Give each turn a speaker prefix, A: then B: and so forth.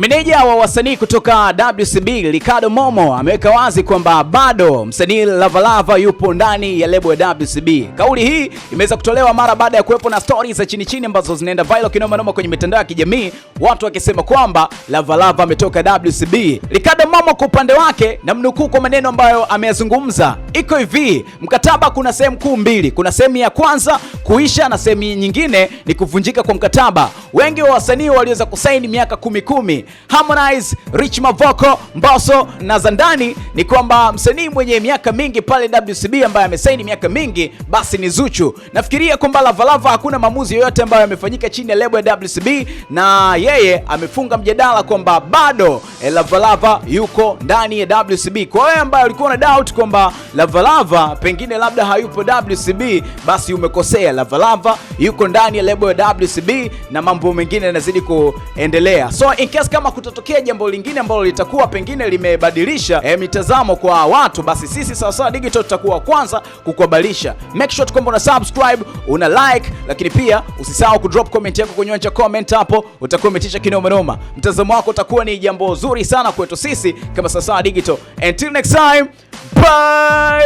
A: Meneja wa wasanii kutoka WCB Ricardo Momo ameweka wazi kwamba bado msanii Lavalava yupo ndani ya lebo ya WCB. Kauli hii imeweza kutolewa mara baada ya kuwepo na stories za chini chini ambazo zinaenda viral kinoma noma kwenye mitandao ya kijamii, watu wakisema kwamba Lavalava ametoka WCB. Ricardo Momo kwa upande wake, na mnukuu kwa maneno ambayo ameyazungumza, iko hivi: mkataba kuna sehemu kuu mbili, kuna sehemu ya kwanza kuisha na sehemu nyingine ni kuvunjika kwa mkataba. Wengi wa wasanii waliweza kusaini miaka kumi kumi. Harmonize, Rich Mavoko, Mbosso na Zandani, ni kwamba msanii mwenye miaka mingi pale WCB ambaye amesaini miaka mingi basi ni Zuchu. Nafikiria kwamba Lavalava hakuna maamuzi yoyote ambayo yamefanyika chini ya lebo ya WCB, na yeye amefunga mjadala kwamba bado Lavalava yuko ndani ya WCB. Kwa wewe ambaye ulikuwa na doubt kwamba Lavalava pengine labda hayupo WCB, basi umekosea. Lavalava yuko ndani ya lebo ya WCB na mambo mengine yanazidi kuendelea. So in case kama kutatokea jambo lingine ambalo litakuwa pengine limebadilisha eh, mitazamo kwa watu, basi sisi Sawasawa Digital tutakuwa kwanza kukubalisha. Make sure kwamba una subscribe, una like, lakini pia usisahau kudrop comment yako kwenye comment hapo, utakuwa umetisha kinoma noma. Mtazamo wako utakuwa ni jambo zuri nzuri sana kwetu sisi kama Sasa Digital. Until next time, bye.